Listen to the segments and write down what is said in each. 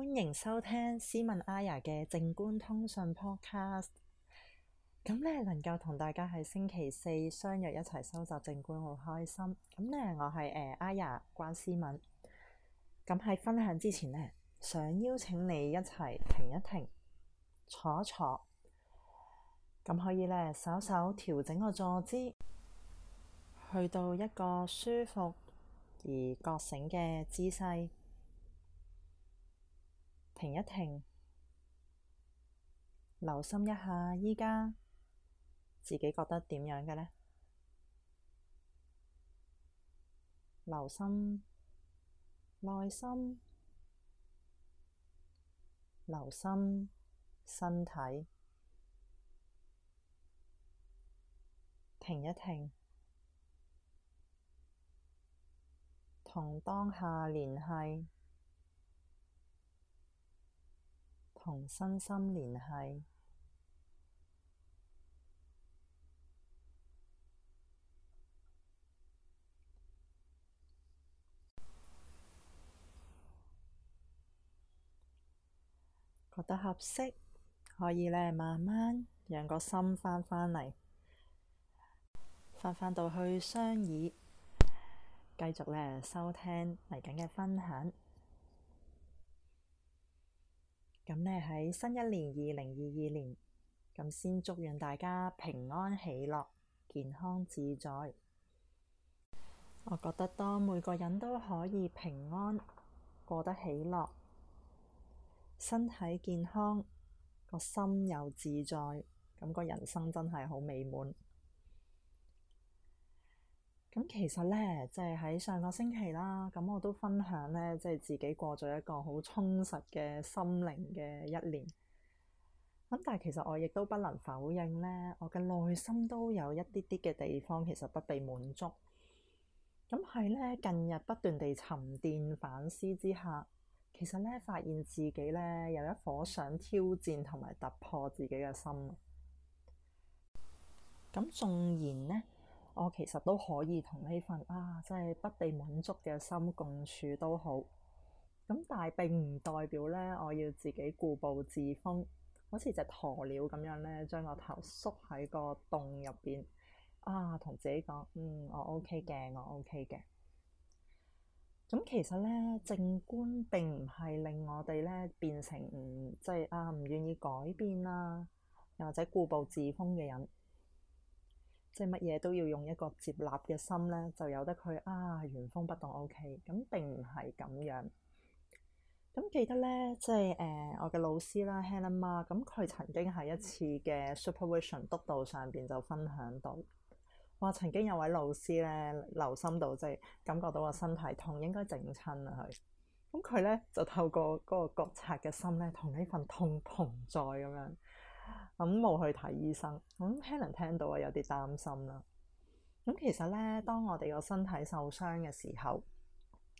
歡迎收聽思敏阿 Iya 嘅靜觀通訊 podcast。咁咧能夠同大家喺星期四相約一齊收集靜觀，好開心。咁呢，我係阿 Iya、呃、關思敏。咁喺分享之前呢，想邀請你一齊停一停，坐一坐。咁可以呢，稍稍調整個坐姿，去到一個舒服而覺醒嘅姿勢。停一停，留心一下，依家自己覺得點樣嘅呢？留心，內心，留心身體，停一停，同當下聯繫。同身心聯繫，覺得合適，可以呢慢慢讓個心翻返嚟，翻返到去雙耳，繼續呢收聽嚟緊嘅分享。咁你喺新一年二零二二年，咁先祝願大家平安喜樂、健康自在。我覺得當每個人都可以平安過得喜樂、身體健康、個心又自在，咁個人生真係好美滿。咁其實咧，即係喺上個星期啦，咁我都分享咧，即係自己過咗一個好充實嘅心靈嘅一年。咁但係其實我亦都不能否認咧，我嘅內心都有一啲啲嘅地方其實不被滿足。咁係咧，近日不斷地沉澱反思之下，其實咧發現自己咧有一顆想挑戰同埋突破自己嘅心。咁縱然咧。我其實都可以同呢份啊，真係不被滿足嘅心共處都好。咁但係並唔代表咧，我要自己固步自封，好似隻鴕鳥咁樣咧，將個頭縮喺個洞入邊。啊，同自己講，嗯，我 OK 嘅，我 OK 嘅。咁、嗯、其實咧，靜觀並唔係令我哋咧變成唔，即、嗯、係、就是、啊唔願意改變啦、啊，又或者固步自封嘅人。即係乜嘢都要用一個接納嘅心咧，就由得佢，啊原封不動 OK。咁並唔係咁樣。咁記得咧，即係誒、呃、我嘅老師啦，Helena。咁佢曾經喺一次嘅 supervision 督導上邊就分享到，話曾經有位老師咧，留心到，即係感覺到我身體痛，應該整親啦佢。咁佢咧就透過嗰個覺察嘅心咧，同呢份痛同在咁樣。咁冇、嗯、去睇醫生，咁、嗯、Helen 聽到啊，有啲擔心啦。咁、嗯、其實咧，當我哋個身體受傷嘅時候，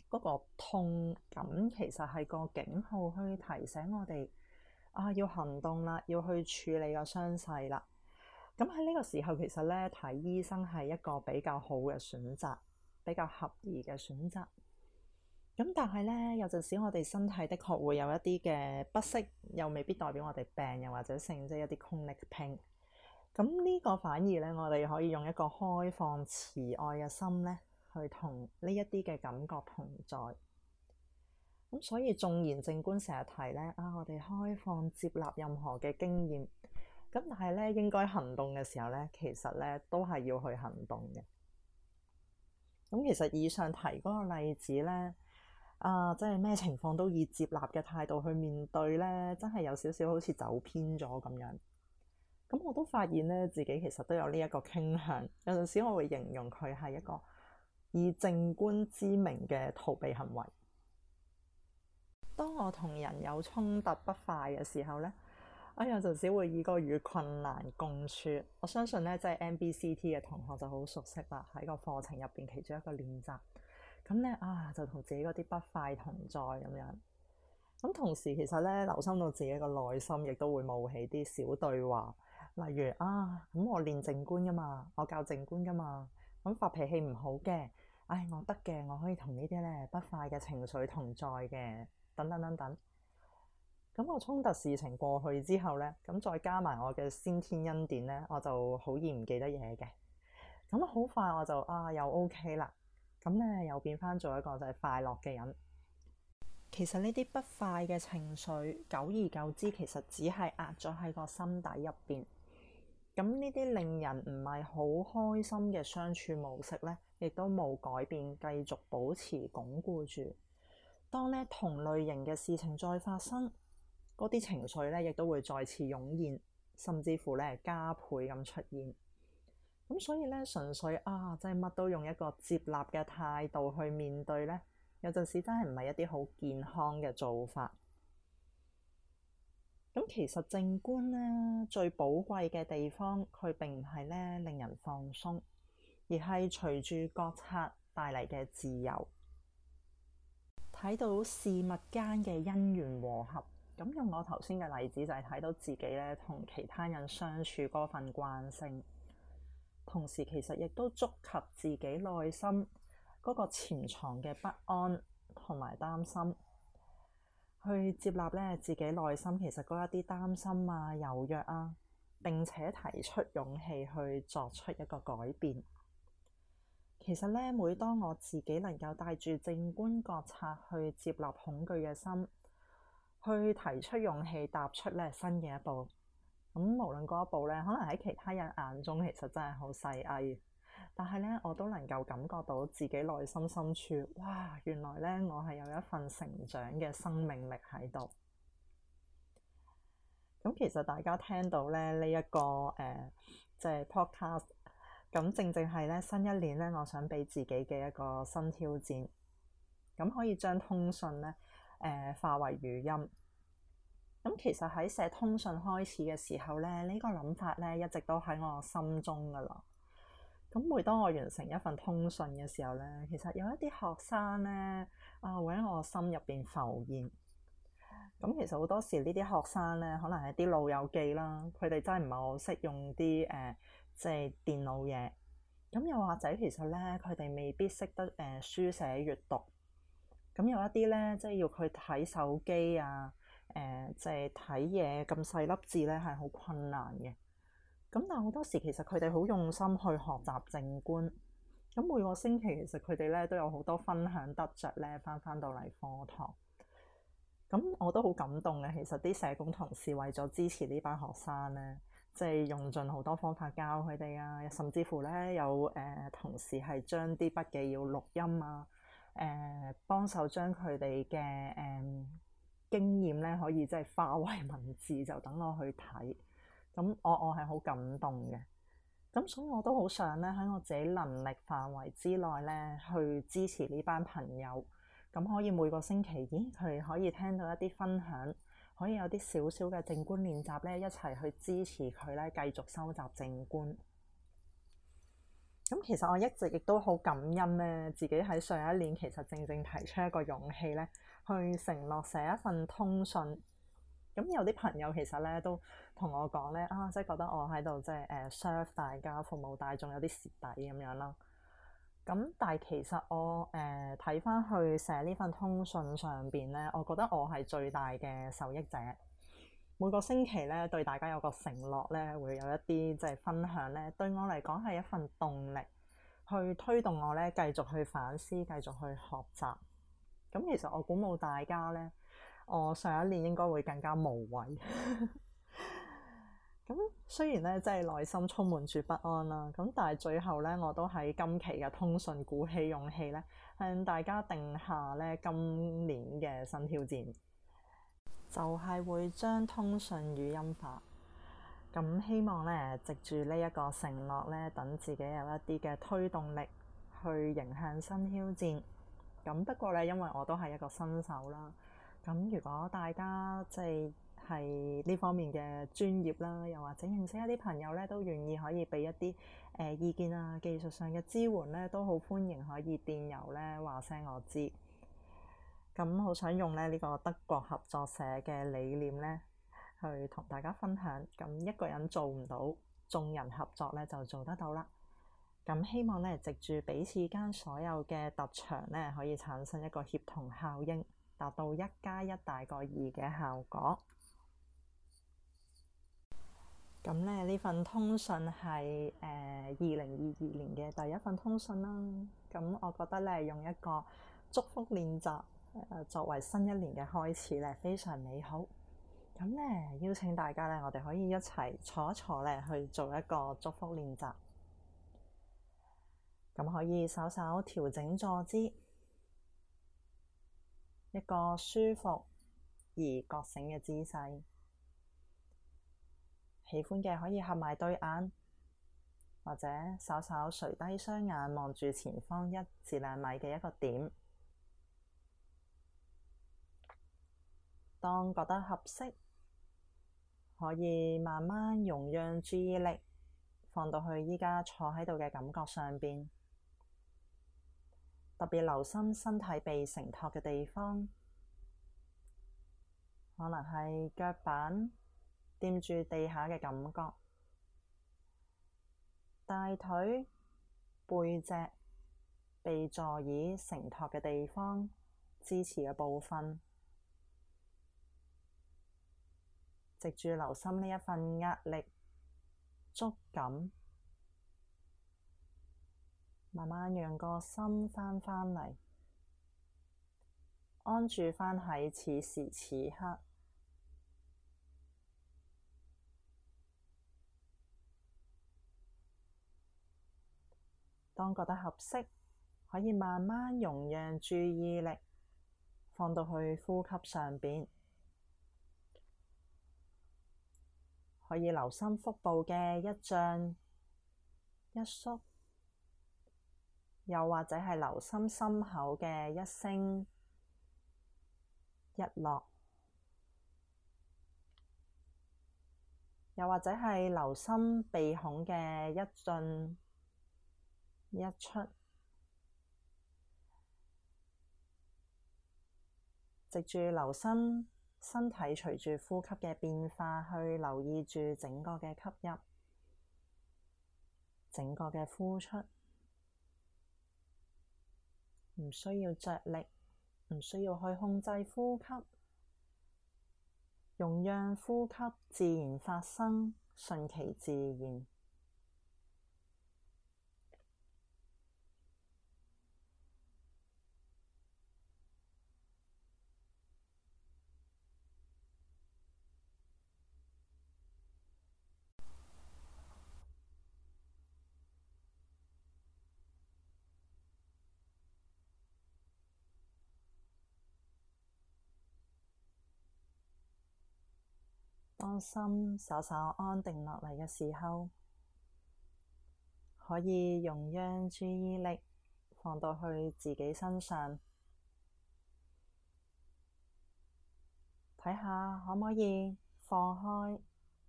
嗰、那個痛感其實係個警號，去提醒我哋啊要行動啦，要去處理個傷勢啦。咁喺呢個時候，其實咧睇醫生係一個比較好嘅選擇，比較合宜嘅選擇。咁但係咧，有陣時我哋身體的確會有一啲嘅不適，又未必代表我哋病，又或者性即係一啲空力拼。咁呢個反而咧，我哋可以用一個開放慈愛嘅心咧，去同呢一啲嘅感覺同在。咁所以，縱然靜觀成日提咧啊，我哋開放接納任何嘅經驗，咁但係咧，應該行動嘅時候咧，其實咧都係要去行動嘅。咁其實以上提嗰個例子咧。啊，即係咩情況都以接納嘅態度去面對呢？真係有少少好似走偏咗咁樣。咁我都發現呢，自己其實都有呢一個傾向。有陣時我會形容佢係一個以靜觀之名嘅逃避行為。當我同人有衝突不快嘅時候呢，我有陣時會以個與困難共處。我相信呢，即係 MBCT 嘅同學就好熟悉啦，喺個課程入邊其中一個練習。咁咧啊，就同自己嗰啲不快同在咁樣。咁同時其實咧，留心到自己個內心，亦都會冒起啲小對話，例如啊，咁我練靜觀噶嘛，我教靜觀噶嘛，咁發脾氣唔好嘅，唉、哎，我得嘅，我可以同呢啲咧不快嘅情緒同在嘅，等等等等。咁我衝突事情過去之後咧，咁再加埋我嘅先天恩典咧，我就好易唔記得嘢嘅。咁好快我就啊又 OK 啦。咁咧又變翻做一個就係快樂嘅人。其實呢啲不快嘅情緒，久而久之其實只係壓咗喺個心底入邊。咁呢啲令人唔係好開心嘅相處模式咧，亦都冇改變，繼續保持鞏固住。當呢同類型嘅事情再發生，嗰啲情緒咧亦都會再次湧現，甚至乎咧加倍咁出現。咁所以咧，純粹啊，即係乜都用一個接納嘅態度去面對咧，有陣時真係唔係一啲好健康嘅做法。咁、嗯、其實靜觀咧最寶貴嘅地方，佢並唔係咧令人放鬆，而係隨住覺察帶嚟嘅自由，睇到事物間嘅因緣和合。咁用我頭先嘅例子，就係睇到自己咧同其他人相處嗰份慣性，同時，其實亦都觸及自己內心嗰個潛藏嘅不安同埋擔心，去接納呢自己內心其實嗰一啲擔心啊、猶豫啊，並且提出勇氣去作出一個改變。其實呢，每當我自己能夠帶住靜觀覺察去接納恐懼嘅心，去提出勇氣踏出呢新嘅一步。咁無論嗰一步咧，可能喺其他人眼中其實真係好細微，但係咧我都能夠感覺到自己內心深處，哇！原來咧我係有一份成長嘅生命力喺度。咁其實大家聽到咧呢一個誒即係 podcast，咁正正係咧新一年咧，我想俾自己嘅一個新挑戰。咁可以將通訊咧誒化為語音。咁其實喺寫通訊開始嘅時候咧，呢個諗法咧一直都喺我心中噶啦。咁每當我完成一份通訊嘅時候咧，其實有一啲學生咧啊，會喺我心入邊浮現。咁其實好多時呢啲學生咧，可能係啲老友記啦，佢哋真係唔係好識用啲誒、呃、即係電腦嘢。咁又或者其實咧，佢哋未必識得誒、呃、書寫、閱讀。咁有一啲咧，即係要佢睇手機啊。誒，即係睇嘢咁細粒字咧，係好困難嘅。咁但係好多時其實佢哋好用心去學習靜觀。咁每個星期其實佢哋咧都有好多分享得着，咧，返返到嚟課堂。咁我都好感動嘅。其實啲社工同事為咗支持呢班學生咧，即係用盡好多方法教佢哋啊。甚至乎咧有誒、呃、同事係將啲筆記要錄音啊。誒、呃，幫手將佢哋嘅誒、呃經驗咧可以即係化為文字，就等我去睇。咁我我係好感動嘅。咁所以我都好想咧喺我自己能力範圍之內咧，去支持呢班朋友。咁可以每個星期，咦佢可以聽到一啲分享，可以有啲少少嘅靜觀練習咧，一齊去支持佢咧，繼續收集靜觀。咁其實我一直亦都好感恩咧，自己喺上一年其實正正提出一個勇氣咧。去承諾寫一份通訊，咁有啲朋友其實咧都同我講咧啊，即係覺得我喺度即係誒 serve 大家、服務大眾有啲蝕底咁樣啦。咁但係其實我誒睇翻去寫呢份通訊上邊咧，我覺得我係最大嘅受益者。每個星期咧對大家有個承諾咧，會有一啲即係分享咧，對我嚟講係一份動力，去推動我咧繼續去反思、繼續去學習。咁其實我鼓舞大家咧，我上一年應該會更加無畏。咁 雖然咧，即係內心充滿住不安啦，咁但係最後咧，我都喺今期嘅通訊鼓起勇氣咧，向大家定下咧今年嘅新挑戰，就係會將通訊語音化。咁希望咧，藉住呢一個承諾咧，等自己有一啲嘅推動力去迎向新挑戰。咁不過咧，因為我都係一個新手啦。咁如果大家即係係呢方面嘅專業啦，又或者認識一啲朋友咧，都願意可以俾一啲誒、呃、意見啊、技術上嘅支援咧，都好歡迎可以電郵咧話聲我知。咁好想用咧呢、呢個德國合作社嘅理念咧，去同大家分享。咁一個人做唔到，眾人合作咧就做得到啦。咁希望咧，藉住彼此間所有嘅特長咧，可以產生一個協同效應，達到一加一大過二嘅效果。咁咧，呢份通訊係誒二零二二年嘅第一份通訊啦。咁我覺得咧，用一個祝福練習，呃，作為新一年嘅開始咧，非常美好。咁咧，邀請大家咧，我哋可以一齊坐一坐咧，去做一個祝福練習。咁可以稍稍調整坐姿，一個舒服而覺醒嘅姿勢。喜歡嘅可以合埋對眼，或者稍稍垂低雙眼望住前方一至兩米嘅一個點。當覺得合適，可以慢慢容讓注意力放到去依家坐喺度嘅感覺上邊。特別留心身體被承托嘅地方，可能係腳板掂住地下嘅感覺，大腿、背脊被座椅承托嘅地方、支持嘅部分，藉住留心呢一份壓力、觸感。慢慢讓個心翻返嚟，安住翻喺此時此刻。當覺得合適，可以慢慢容讓注意力放到去呼吸上邊，可以留心腹部嘅一張一縮。又或者係留心心口嘅一升一落，又或者係留心鼻孔嘅一進一出，藉住留心身體隨住呼吸嘅變化，去留意住整個嘅吸入，整個嘅呼出。唔需要着力，唔需要去控制呼吸，容讓呼吸自然發生，順其自然。安心，稍稍安定落嚟嘅時候，可以容讓注意力放到去自己身上，睇下可唔可以放開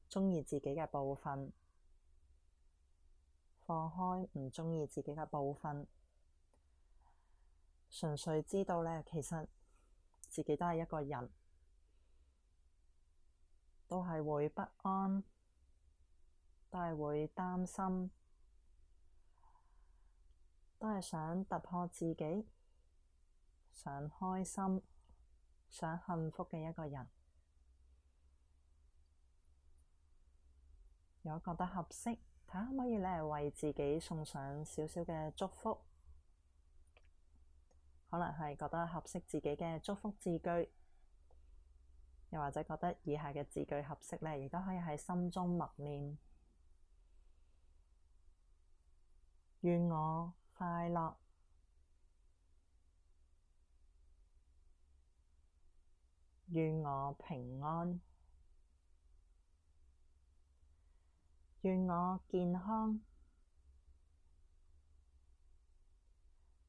中意自己嘅部分，放開唔中意自己嘅部分，純粹知道咧，其實自己都係一個人。都係會不安，都係會擔心，都係想突破自己，想開心，想幸福嘅一個人。如果覺得合適，睇下可唔可以嚟為自己送上少少嘅祝福，可能係覺得合適自己嘅祝福字句。又或者覺得以下嘅字句合適呢，而家可以喺心中默念，願我快樂，願我平安，願我健康，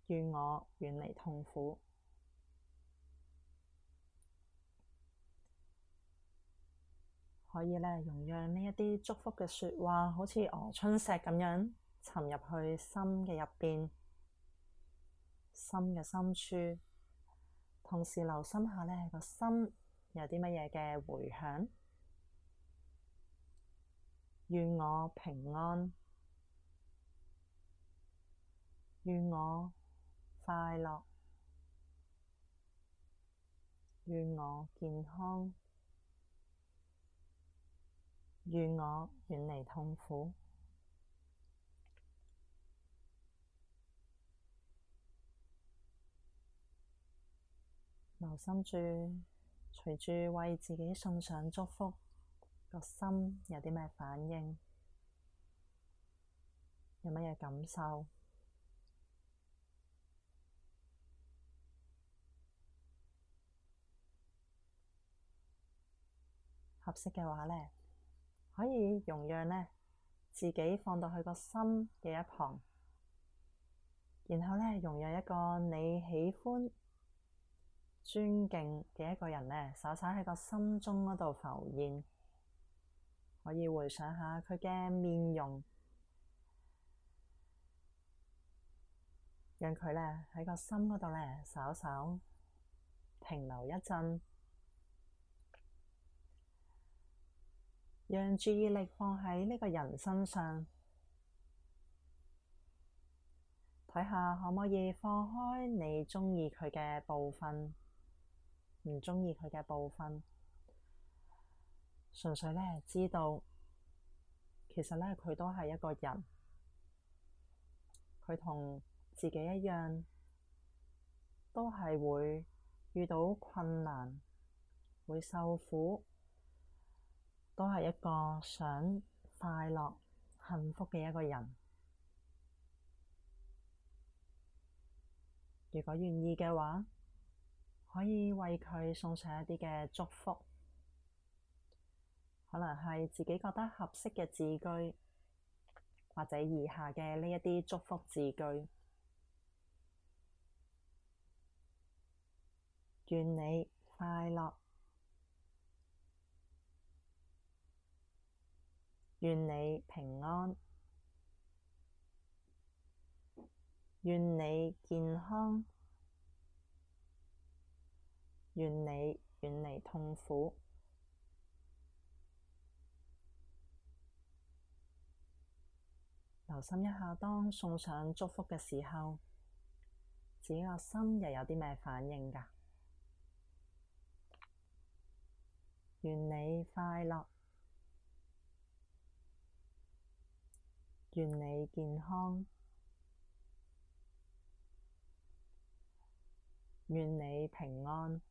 願我遠離痛苦。可以咧，容讓呢一啲祝福嘅説話，好似鵝春石咁樣沉入去心嘅入邊，心嘅深處。同時留心下咧，個心有啲乜嘢嘅回響。願我平安，願我快樂，願我健康。願我遠離痛苦，留心住，隨住為自己送上祝福，個心有啲咩反應，有乜嘢感受？合適嘅話呢。可以容讓呢，自己放到去個心嘅一旁，然後呢容讓一個你喜歡尊敬嘅一個人呢，稍稍喺個心中嗰度浮現，可以回想下佢嘅面容，讓佢呢喺個心嗰度呢稍稍停留一陣。讓注意力放喺呢個人身上，睇下可唔可以放開你鍾意佢嘅部分，唔鍾意佢嘅部分。純粹呢，知道其實呢，佢都係一個人，佢同自己一樣，都係會遇到困難，會受苦。都係一個想快樂、幸福嘅一個人。如果願意嘅話，可以為佢送上一啲嘅祝福，可能係自己覺得合適嘅字句，或者以下嘅呢一啲祝福字句，願你快樂。願你平安，願你健康，願你遠離痛苦。留心一下，當送上祝福嘅時候，自己個心又有啲咩反應㗎？願你快樂。願你健康，願你平安，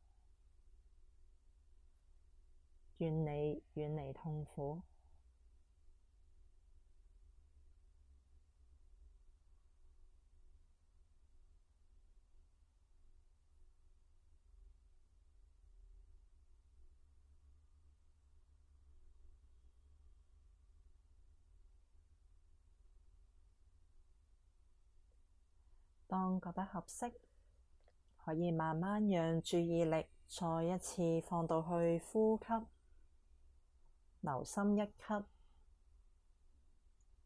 願你遠離痛苦。當覺得合適，可以慢慢讓注意力再一次放到去呼吸，留心一吸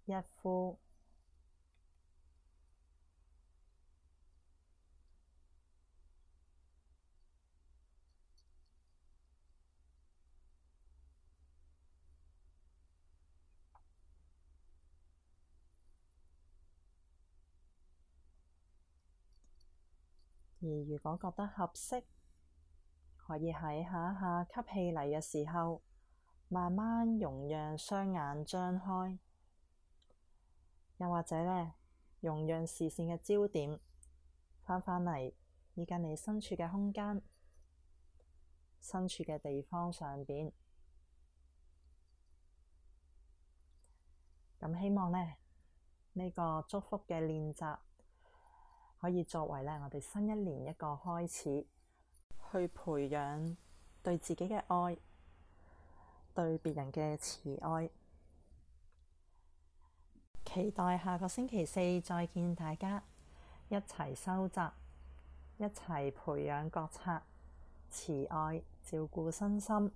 一呼。而如果覺得合適，可以喺下一下吸氣嚟嘅時候，慢慢容讓雙眼張開，又或者呢，容讓視線嘅焦點翻返嚟，依近你身處嘅空間、身處嘅地方上邊。咁希望呢，呢、呢個祝福嘅練習。可以作為咧，我哋新一年一個開始，去培養對自己嘅愛，對別人嘅慈愛。期待下個星期四再見大家，一齊收集，一齊培養覺察、慈愛，照顧身心。